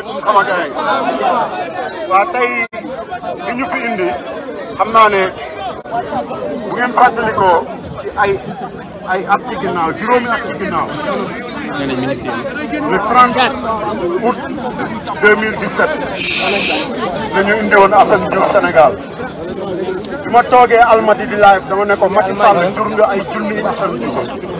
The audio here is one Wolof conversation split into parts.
asalaamaaleykum sama tey naa ne bu ngeen fàttalikoo ay ay at ci ginnaaw juróomi at ci ginnaaw. le 30 août 2017 la ñu indi woon Assane Diouf Sénégal bi ma toogee Almadi di live dama ne ko Macky Sall jur nga ay junniy Assane Diouf.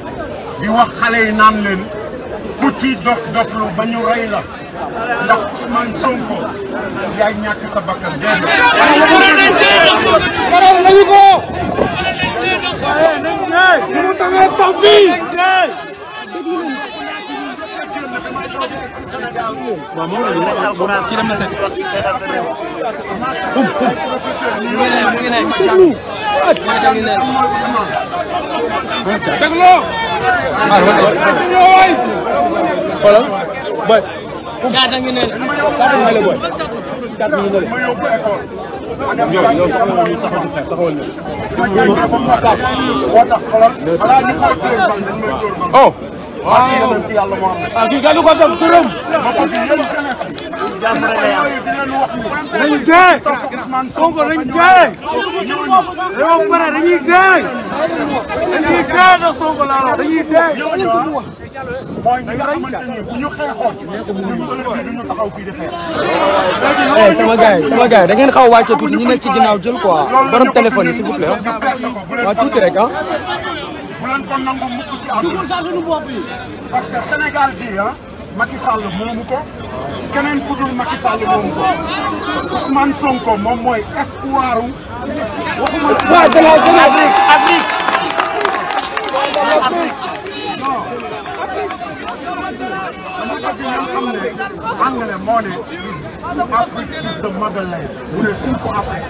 di wax xale yi naan leen ku ci dof doflu ba ñu rey la ndax Ousmane Sonko yaay ñàkk sa bakkan déedéet. keroog lañu ko. mu tawee taw bi. waaw moom la ñu wax alxuraan kii dem na seet. mu ngi ne mu ngi ne. xoolal booy. jaata ngi ne la booy. jaata ngi ne la. yow yow soxla ñu taxaw ci xeex taxawal na. oh. waaw. ah kii gàllu ko def dërëm. lañu wax ni dañu dee Sonko dañu dee dañoo pare dañuy dee dañuy dee da Sonko laa wax dañuy dee mooy ñi nga xamante ni bu ñu xeexoon duñu taxaw fii di xeex eh, sama gars yi sama gars yi da ngeen xaw a wàcce tuuti ñi nekk ci ginnaaw jël quoi borom téléphone yi s'il vous plaît ah. waaw tuuti rek ah bu leen ko nangu mukk ci am parce que Sénégal gi ah Macky Sall moomu ko keneen ku dul Macky Sall moomu ko Ousmane Sonko moom mooy espoir u waxuma espoir de la jeunesse Afrique non anglais moo ne Afrique is the motherland mu ne suufu Afrique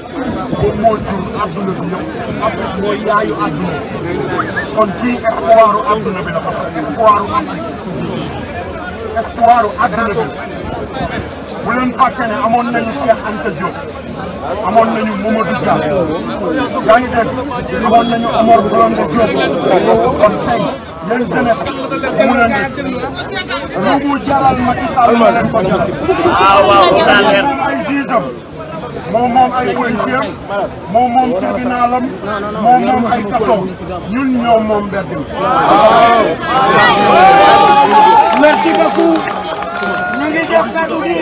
boobu moo jur adduna bi yëpp Afrique mooy yaayu adduna kon kii espoir u adduna bi la parce que espoir u espoir u àdduna bi bu leen fàtte ne amoon nañu Cheikh Anta Diop amoon nañu Mamadou Dia yaa ngi dégg amoon nañu Omar Blondin Diop kon tey yéen jeunesse bu mu leen di lu mu jaral Macky Sall ma leen ko jaral ah, waaw waaw ay juge am moom moom ay policier moom moom tribunalam moom moom ay kaso ñun ñoom moom mbedd mi merci beaucoup ñu ngi jox kàddu gi